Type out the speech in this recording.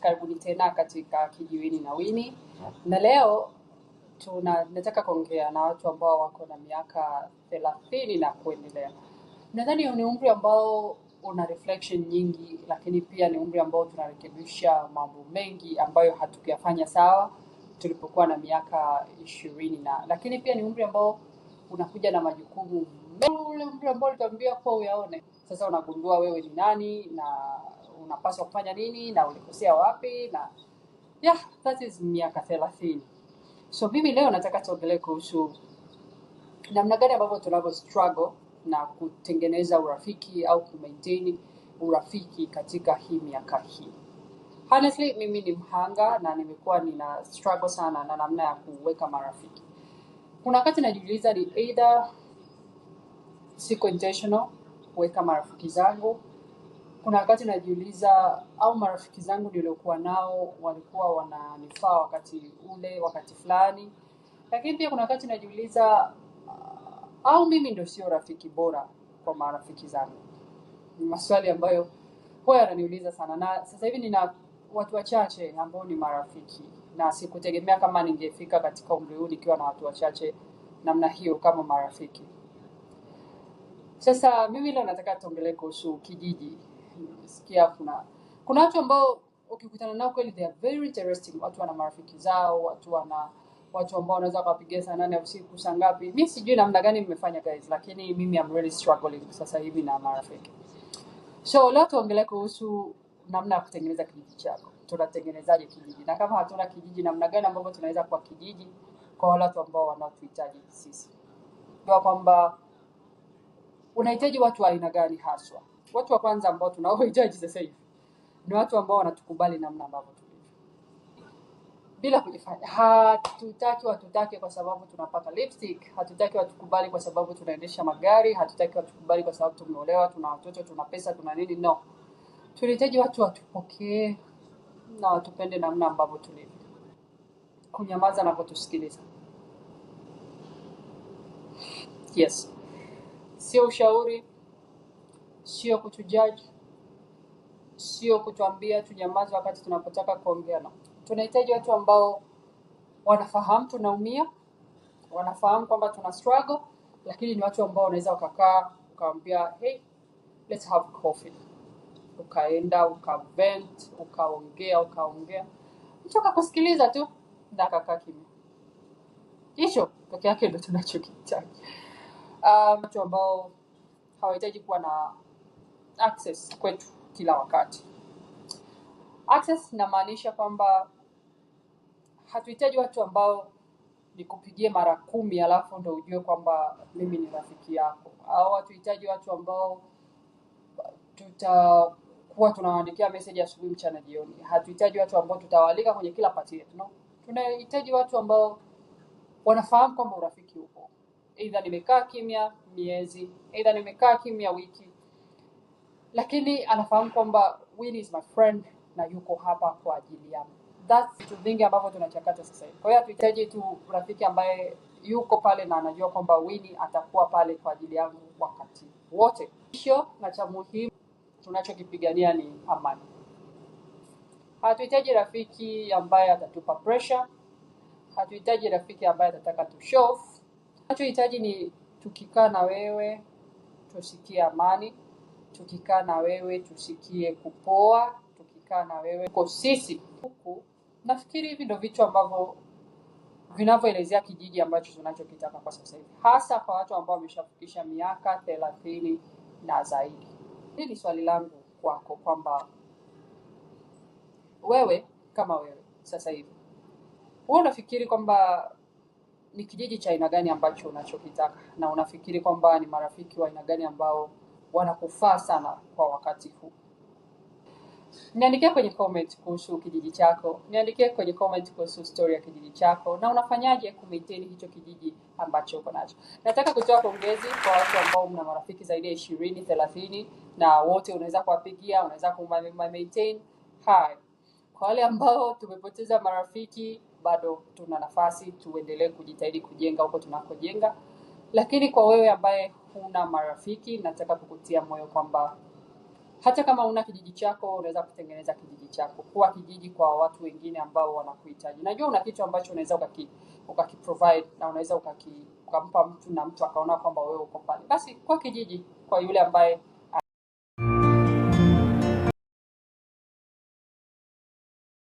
Karibuni tena katika kijiwini na Wini, na leo tuna nataka kuongea na watu ambao wako na miaka thelathini na kuendelea. Nadhani ni umri ambao una reflection nyingi, lakini pia ni umri ambao tunarekebisha mambo mengi ambayo hatukuyafanya sawa tulipokuwa na miaka ishirini na lakini pia ni umri ambao unakuja na majukumu ule umri ambao ulituambia kuwa uyaone. Sasa unagundua wewe ni nani na unapaswa kufanya nini na ulikosea wapi na yeah, that is miaka thelathini so mimi leo nataka tuongelee kuhusu namna gani ambavyo tunavyo struggle na kutengeneza urafiki au kumaintain urafiki katika hii miaka hii honestly mimi ni mhanga na nimekuwa nina struggle sana na namna ya kuweka marafiki kuna wakati najiuliza ni either siko intentional kuweka marafiki zangu kuna wakati najiuliza au marafiki zangu niliokuwa nao walikuwa wananifaa wakati ule wakati fulani lakini pia kuna wakati najiuliza uh, au mimi ndo sio rafiki bora kwa marafiki zangu ni maswali ambayo huwa yananiuliza sana na sasa hivi nina watu wachache ambao ni marafiki na sikutegemea kama ningefika katika umri huu nikiwa na watu wachache namna hiyo kama marafiki sasa mimi leo nataka tuongelee kuhusu kijiji tunasikia kuna kuna watu ambao ukikutana nao kweli they are very interesting watu wana marafiki zao watu wana watu ambao wanaweza wakawapigia saa nane ya usiku saa ngapi mi sijui namna gani mmefanya guys lakini mimi am really struggling sasa hivi na marafiki so leo tuongelee kuhusu namna ya kutengeneza kijiji chako tunatengenezaje kijiji na kama hatuna kijiji namna gani ambavyo tunaweza kuwa kijiji kwa wale watu ambao wanaotuhitaji sisi jua kwamba unahitaji watu wa aina gani haswa watu wa kwanza ambao tunaohitaji sasa hivi ni watu ambao wanatukubali namna ambavyo tulivyo, bila kujifanya. Hatutaki watutake kwa sababu tunapata lipstick, hatutaki watukubali kwa sababu tunaendesha magari, hatutaki watukubali kwa sababu tumeolewa, tuna watoto, tuna pesa, tuna nini. No, tunahitaji watu watupokee na watupende namna ambavyo tulivyo, kunyamaza na kutusikiliza. Yes, sio ushauri sio kutujaji sio kutuambia tunyamaze wakati tunapotaka kuongeana. Tunahitaji watu ambao wanafahamu tunaumia, wanafahamu kwamba tuna struggle, lakini ni watu ambao wanaweza wakakaa ukawambia hey, let's have coffee, ukaenda ukavent, ukaongea, ukaongea, mtu akakusikiliza tu na akakaa kimya. Hicho peke yake ndo tunachokihitaji. Um, ah, watu ambao hawahitaji kuwa na access kwetu kila wakati. Access inamaanisha kwamba hatuhitaji watu ambao nikupigie mara kumi alafu ndo ujue kwamba mimi ni rafiki yako, au hatuhitaji watu ambao tutakuwa tunawaandikia message asubuhi, mchana, jioni. Hatuhitaji watu ambao tutawalika kwenye kila pati yetu no. Tunahitaji watu ambao wanafahamu kwamba urafiki upo, aidha nimekaa kimya miezi, aidha nimekaa kimya wiki, lakini anafahamu kwamba Winnie is my friend na yuko hapa kwa ajili yangu. That's vitu vingi ambavyo tunachakata sasa hivi. Kwa hiyo hatuhitaji tu rafiki ambaye yuko pale na anajua kwamba Winnie atakuwa pale kwa ajili yangu wakati wote. isho na cha muhimu tunachokipigania ni amani. Hatuhitaji rafiki ambaye atatupa pressure. Hatuhitaji rafiki ambaye atataka tushof nachohitaji Tunachohitaji ni tukikaa na wewe tusikie amani tukikaa na wewe tusikie kupoa, tukikaa na wewe uko sisi huku. Nafikiri hivi ndio vitu ambavyo vinavyoelezea kijiji ambacho tunachokitaka kwa sasa hivi, hasa kwa watu ambao wameshafikisha miaka thelathini na zaidi. Hili ni swali langu kwako kwamba wewe kama wewe sasa hivi wewe unafikiri kwamba ni kijiji cha aina gani ambacho unachokitaka, na unafikiri kwamba ni marafiki wa aina gani ambao wanakufaa sana kwa wakati huu. Niandikie kwenye comment kuhusu kijiji chako, niandikie kwenye comment kuhusu story ya kijiji chako na unafanyaje kumaintain hicho kijiji ambacho uko nacho. Nataka kutoa pongezi kwa watu ambao mna marafiki zaidi ya ishirini, thelathini na wote unaweza kuwapigia, unaweza kumaintain. Hai, kwa wale ambao tumepoteza marafiki, bado tuna nafasi, tuendelee kujitahidi kujenga huko tunakojenga. Lakini kwa wewe ambaye huna marafiki, nataka kukutia moyo kwamba hata kama una kijiji chako, unaweza kutengeneza kijiji chako, kuwa kijiji kwa watu wengine ambao wanakuhitaji. Najua una kitu ambacho unaweza ukaki provide, na unaweza ukampa mtu na mtu akaona kwamba wewe uko pale, basi kwa kijiji kwa yule ambaye